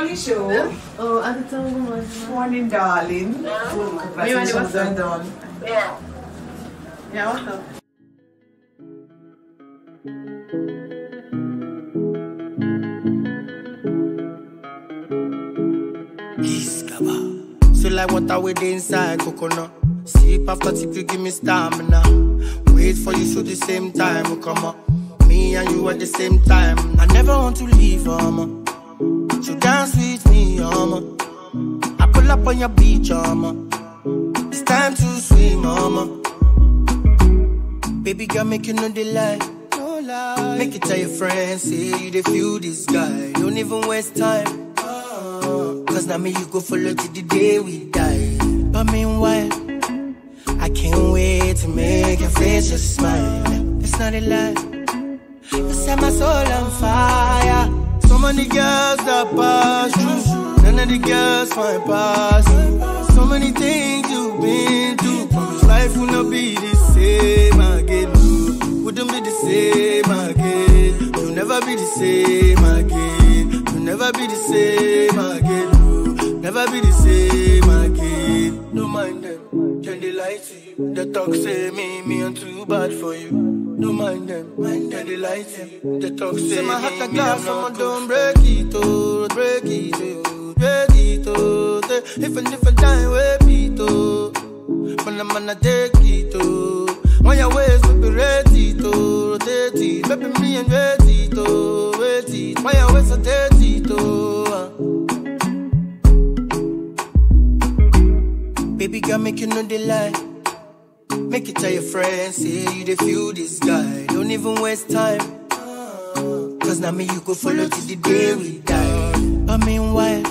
Family Show. Oh, Good morning, darling. Yeah. Full conversations done. Yeah. Yeah, what's up? So like water with inside coconut. Sip after sip, you give me stamina. Wait for you, so the same time will oh, come up. Me and you at the same time. I never want to leave, oh, mama. But you dance with me, mama. I pull up on your beach, mama. It's time to swim, mama. Baby girl, make you know the lie. No lie. Make it tell your friends, say you they feel this guy. Don't even waste time. Uh-huh. Cause now me you go follow to the day we die. But meanwhile, I can't wait to make your face just smile. It's not a lie. You set my soul on fire of the girls that pass you. None of the girls find past you. So many things you've been through. Cause life will not be the same again. Wouldn't be the same again. You'll never be the same again. You'll never be the same again. Never be the same. They talk say me, me I'm too bad for you. Don't mind them, mind them, they lie to you. The talk say, say my heart a glass, I'ma don't break it, oh, break it, oh, break it, oh. If and if I die, we beat, oh. Man, I'm gonna take it, oh. When your ways will be ready, to oh, ready, Baby, me and ready, it, oh, wait it. When your ways are dirty, oh. Baby girl, make you know the lie. Make it tell your friends, say you the feel this guy. Don't even waste time. Cause now me you go follow till the day we die. But meanwhile,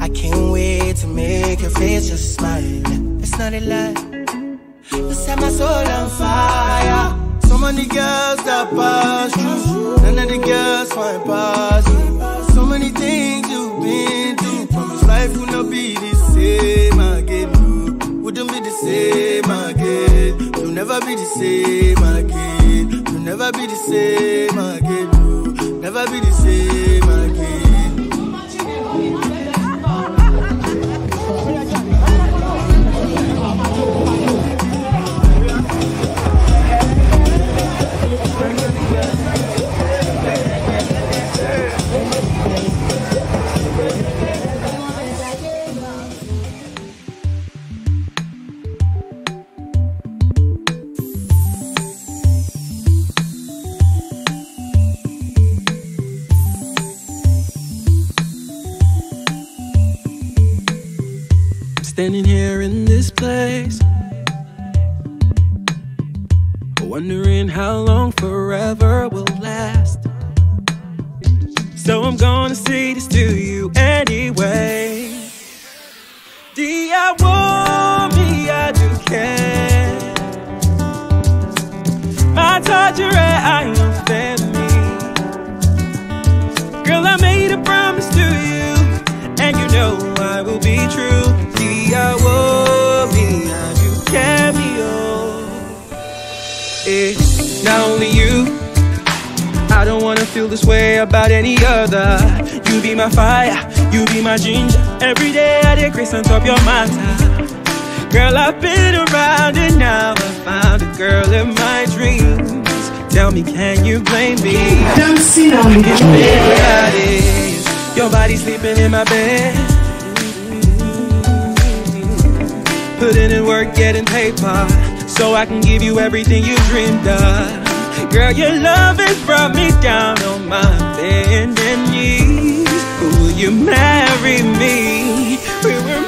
I can't wait to make your face just smile. It's not a lie. You set my soul on fire. So many girls that pass you, none of the girls find pass you. So many things you've been through. Promise life will not be the same again. Wouldn't be the same never be the same again. we will never be the same again. You'll oh. never be the same. Standing here in this place Wondering how long forever will last So I'm gonna say this to you anyway DIY me, I do care My right. I am fair Girl, I made a promise to you And you know I will be true it's not only you. I don't wanna feel this way about any other. You be my fire, you be my ginger. Every day I decrease on top your matter. Girl, I've been around and now I found a girl in my dreams. Tell me, can you blame me? Don't sit on me. Your body sleeping in my bed. Putting in work, getting paper so I can give you everything you dreamed of. Girl, your love has brought me down on my bending knees. Will you marry me? We were